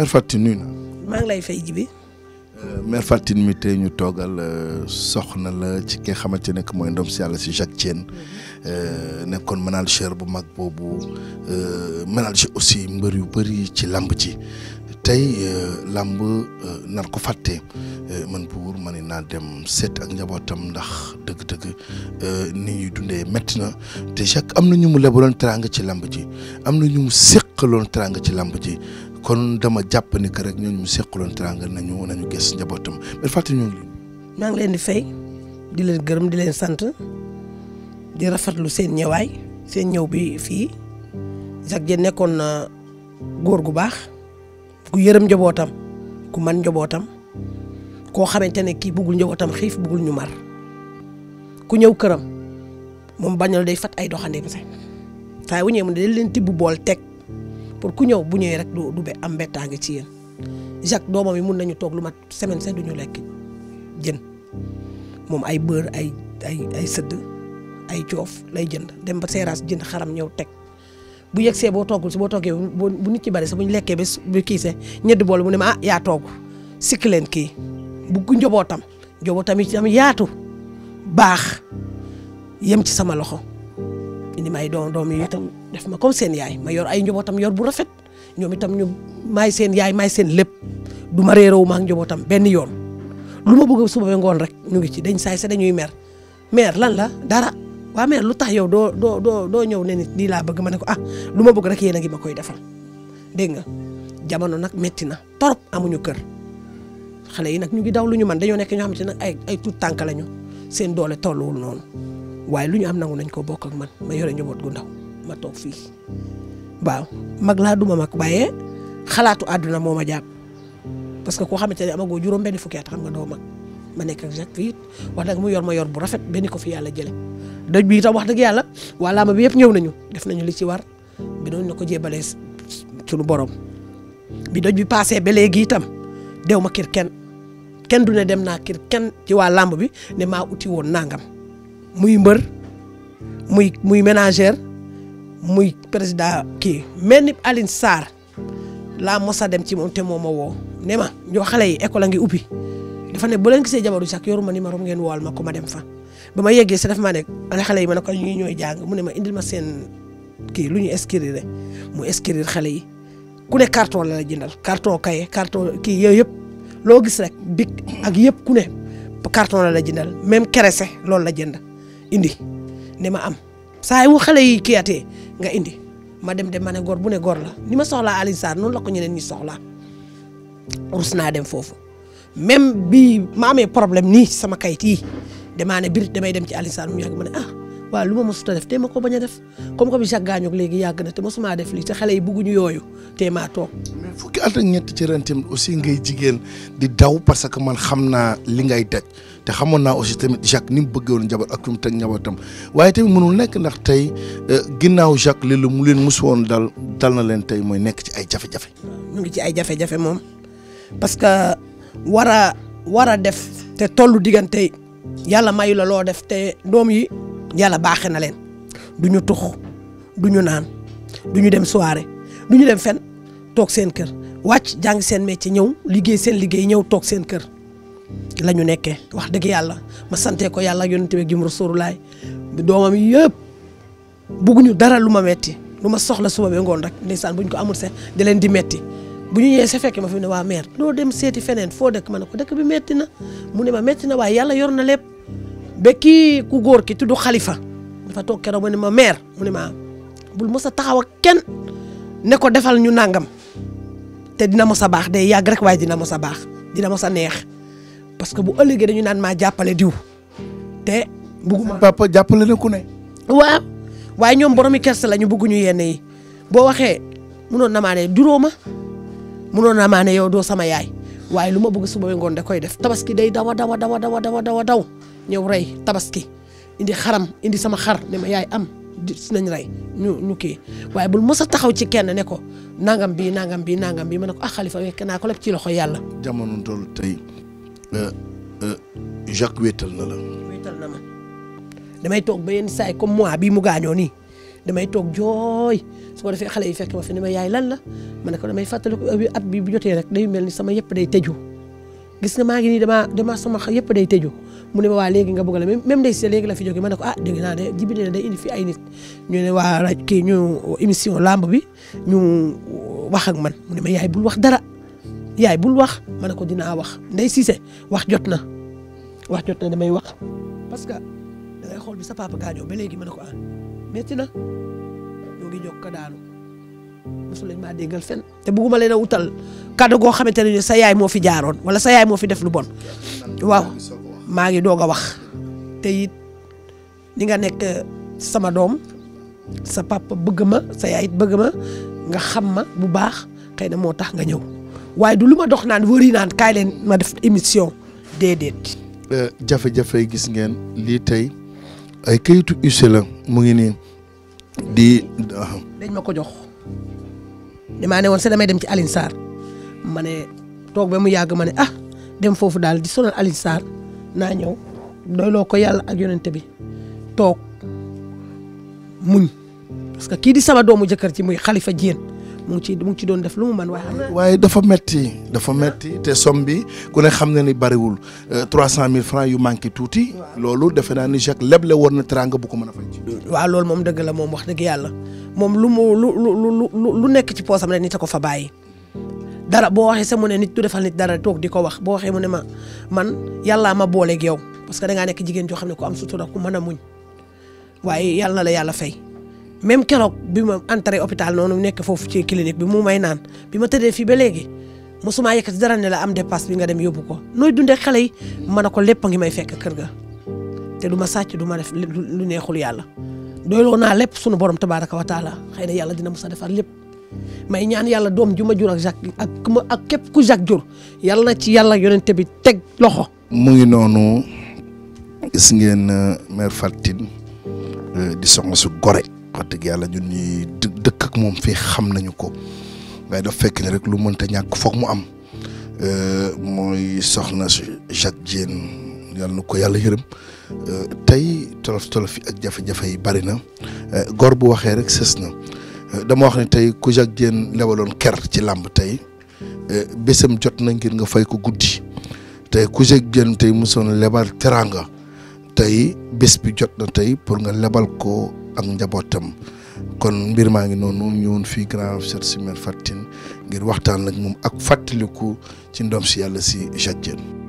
mère Fatou nuyu maa ngi lay fay bi. Euh, mère Fatou mi tey ñu toogal euh, soxna la ci ki nga xamante ne mooy ndom si yàlla si Jacques Thiene euh, nekkoon manager bu mag boobu manager aussi mbër yu bëri ci làmb ci tey làmb nar ko fàtte man pour ma ne naa dem seet ak njabootam ndax dëgg-dëgg nit ñuy dundee métti na te Jacques am na ñu mu lebaloon teraanga ci làmb ci am na ñu mu séqaloon teraanga ci làmb ci kon dama jàpp ni que rek ñooñu mu seqaloon teraanga nañu nañu gis njabootam mais fàttali ñu ngi leen. maa ngi leen di fay di leen gërëm di leen sant di rafetlu seen ñëwaay seen ñëw bi fii Jacques nekkoon na góor gu baax ku yërëm njabootam ku man njabootam koo xamante ne kii bëggul njabootam xiif bëggul ñu mar ku ñëw këram moom bañal dey fat ay doxandeem sax saa yu ñëwee mu ne leen tibb bool teg. pour ku ñew bu ñewé rek du du am mbettaange ci yeen Jacques doomam yi mën nañu tok lu mat semaine sax duñu lek jeun mom ay beur ay ay ay seud ay coof lay jeund dem ba séras jeund xaram ñew tek bu yexé bo togul si boo toggee bu nit ci bari sa bu ñu bes bu ki se ñedd bol mu ne ma ah ya toog sik leen ki bu njobotam njobotam yi tam yaatu bax yem ci sama loxo indi ma ay doom doom yi tam def ma comme seen yaay ma yor ay njobootam yor bu rafet ñoom itam ñu maay seen yaay maay seen lépp du ma réeroo ma ak njobootam benn yoon lu ma bëgg suba ba ngoon rek ñu ngi ci dañ saay sa dañuy mer mer lan la dara waa mer lu tax yow doo doo doo doo ñëw ne nit lii laa bëgg ma ne ko ah lu ma bëgg rek yéen a ngi ma koy defal dégg nga jamono nag metti na torop amuñu kër xale yi nag ñu ngi daw lu ñu man dañoo nekk ñoo xam ne nag ay ay tuut tànk lañu seen doole tolluwul noonu waaye lu ñu am nangu nañ ko bokk ak man ma yore njaboot gu ndaw ma toog fii waaw mag laa duma mag waaye xalaatu àdduna moo ma jàpp parce que koo xamante ne amagoo juróom benn fukki at xam nga doo mag ma nekk ak Jacques fii wax dëgg mu yor ma yor bu rafet benn ko fi yàlla jële doj bi itam wax dëgg yàlla wala ma bi yëpp ñëw nañu def nañu li ci war bi doon na ko jébalee sunu borom bi doj bi paasee ba léegi itam dew ma kir kenn kenn du ne dem naa kir kenn ci waa làmb bi ne maa uti woon nangam. muy mbeur muy muy ménagère muy président ki melni Aline Sar la mossa dem ci mom té moma wo nema ñu xalé yi école nga ubi dafa né bo len gisee jabaru sax yoruma numéro ngeen wal ma ko ma dem fa bama yeggé sa dafa ma nek ana xalé yi ma nako ñuy ñoy jang mu né ma indil ma sen ki luñu inscrire mu inscrire xalé yi ku né carton la jëndal carton kay carton ki yoy yep lo gis rek big ak yep ku né carton la jëndal même keressé lool la jëndal indi ne ma am saa yu xale yi kiyatee nga indi ma dem dem ma ne góor bu ne góor la ni ma soxlaa Alioune Sarr noonu la ko ñeneen ñi soxlaa rus naa dem foofu même bi ma amee problème nii sama kayit yi damaa ne bir damay dem ci Alioune Sarr mu yàgg ma ne ah. waaw lu ma mosut a def te ma ko bañ a def comme comme Jacques Gagnon léegi yàgg na te mosuma def lii te xale yi bëgguñu yooyu te maa toog. mais fukki at ak ñett ci ren aussi ngay jigéen di daw parce que man xam naa li ngay daj te xamoon naa aussi tamit Jacques ni mu bëggoon njaboot ak fi mu teg njabootam waaye tamit mënul nekk ndax tey euh, ginnaaw Jacques li mu leen mos woon dal dal na leen tey mooy nekk ci ay jafe-jafe. ci ay jafe-jafe moom parce que war a war a def te tollu diggante yàlla mayu la loo def te doom yi. yàlla baaxe na leen du ñu tux du ñu naan du ñu dem soirée du ñu dem fen toog seen kër wàcc jàng seen métier ñëw liggéey seen liggéey ñëw toog seen kër lañu ñu nekkee wax dëgg yàlla ma santee ko yàlla ak yonent bi jëm Rasulullaay doomam yëpp bugguñu dara lu ma metti lu ma soxla suba be ngoon rek bu buñ ko amul sax di leen di metti bu ñu ñëwee sa fekkee ma fi mu ne waa mère loo dem seeti feneen foo dëkk ma ne ko dëkk bi metti na mu ne ma metti na waaye yàlla yor na lépp Beki ki ku gor ki tuddu khalifa dafa toog ma mer mu ne ma bul mos taxaw ak ne ko defal ñu nangam te dina mos bax baax day yàgg rek way dina mos bax dina mos neex parce que bu ëllëgee dañu naan ma jappalé diw te. bëgguma papa jappalé na ku ne. wa waaye ñoom boromi lañu bëggu ñu yenn yi boo waxee munoon na maa ne duróoma munoon na ma né yow do sama yaay waye luma ma bëgg suba ngon da koy def tabaski day dawa dawa dawa dawa dawa dawa dawa ñëw rey tabaski indi xaram indi sama xar ne ma yaay am si nañ rey ñu ñu kii waaye bul mës a taxaw ci kenn ne ko nangam bi nangam bi nangam bi ma ne ko ah xalifa wekk naa ko lépp ci loxo yàlla. jamono toll tey euh, euh, Jacques wéetal na la. ma damay toog ba yenn saay comme moi bii mu gaañoo nii damay toog jooy ko defee xale yi fekk ma ma yaay lan la ma ne ko damay fàttaliku at bi bu jotee rek day mel ni sama yëpp day ju gis nga maa ngi nii damaa dama sama yëpp day tëju mu ne ma waa léegi nga bëgg la même day si léegi la fi jógee ma ne ko ah dégg naa de jibi fi ay nit ñu ne waa rajo kii ñu émission lamb bi ñu wax ak man mu ne ma yaay bul wax dara yaay bul wax ma ne ko dinaa wax Ndeye Cissé wax jot na wax jot na damay wax parce que dangay xool bi sa papa gaañoo ba léegi ma ne ko ah métti na ñoo ngi jokk daanu mosu leen maa déggal fen te bugguma leen a wutal kàddu goo xamante ne sa yaay moo fi jaaroon wala sa yaay moo fi def lu bon waaw maa ngi doo a wax teyit it ni nga nekk sama doom sa papa bëgg ma sa yaay bëgg ma nga xam ma bu baax xëy na moo tax nga ñëw waaye du lu ma dox naan wëri naan kaay leen ma def émission déedéet. Euh, jafe-jafe gis ngeen lii tey ay kayitu UC la mu ngi nii di. dañ ma ko jox. damaa ne woon sax damay dem ci Alioune Sarr ma ne toog ba mu yàgg ma ne ah dem foofu daal di sonal Alioune Sarr naa ñëw doyloo ko yàlla ak yonent bi toog muñ parce que kii di sama doomu jëkkër ci muy Khalifa Diène mu ngi ci mu ci doon def lu mu mën waaye. waaye dafa metti dafa metti te somme bi ku ne xam na ni bariwul euh, trois cent mille francs yu manqué tuuti. loolu defe naa ni Jacques leble woon na teranga bu ko mën a fay. waa loolu moom dëgg la moom wax dëgg yàlla. moom lu mu lu lu lu nekk ci poosam rek nit a ko fa bàyyi. dara boo waxee sa mu ne nit du defal nit dara toog di ko wax boo waxee mu ne ma man yàllaa ma booleeg yow parce que da ngaa nekk jigéen joo xam ne ku am sutura ku mën a muñ waaye yàlla na la yàlla fay. même keroog bi ma entré hôpital noonu nekk foofu ci clinique bi mu may naan bi ma tëddee fii ba léegi mosuma yëkkati dara ne la am dépasse bi nga dem yóbbu ko nooy dundee xale yi mën a ko lépp a ngi may fekk kër ga te du ma sàcc du ma def lu neexul yàlla. doyloo naa lépp sunu borom tabaaraka wa taala xëy na yàlla dina mos a defar lépp may ñaan yàlla doom ju ma jur ak Jacques ak képp ku Jacques jur yàlla na ci yàlla yonente bi teg loxo. mu ngi noonu gis ngeen euh, mère Fatin euh, di soxna su gore. wax dëgg yàlla ñun ñuy dëkk moom fii xam nañu ko waaye dafa fekk ne rek lu mënta ñàkk foog mu am euh, mooy soxna Jacques Diène. yàlla na ko yàlla yërëm euh, tey tolof tolof yi ak jafe-jafe yi bari na euh, gor bu waxee rek sës na euh, dama wax ne tey ku jag jéen lewaloon ker ci làmb tey bésam jot na ngir nga fay ko guddi tey ku jag jéen tey mosoon tey bés bi jot na tey pour nga lebal ko ak njabootam kon mbir maa ngi noonu ñëwoon fii grand chef si mère Fatou ngir waxtaan nag moom ak fàttaliku ci ndoom si yàlla si Jacques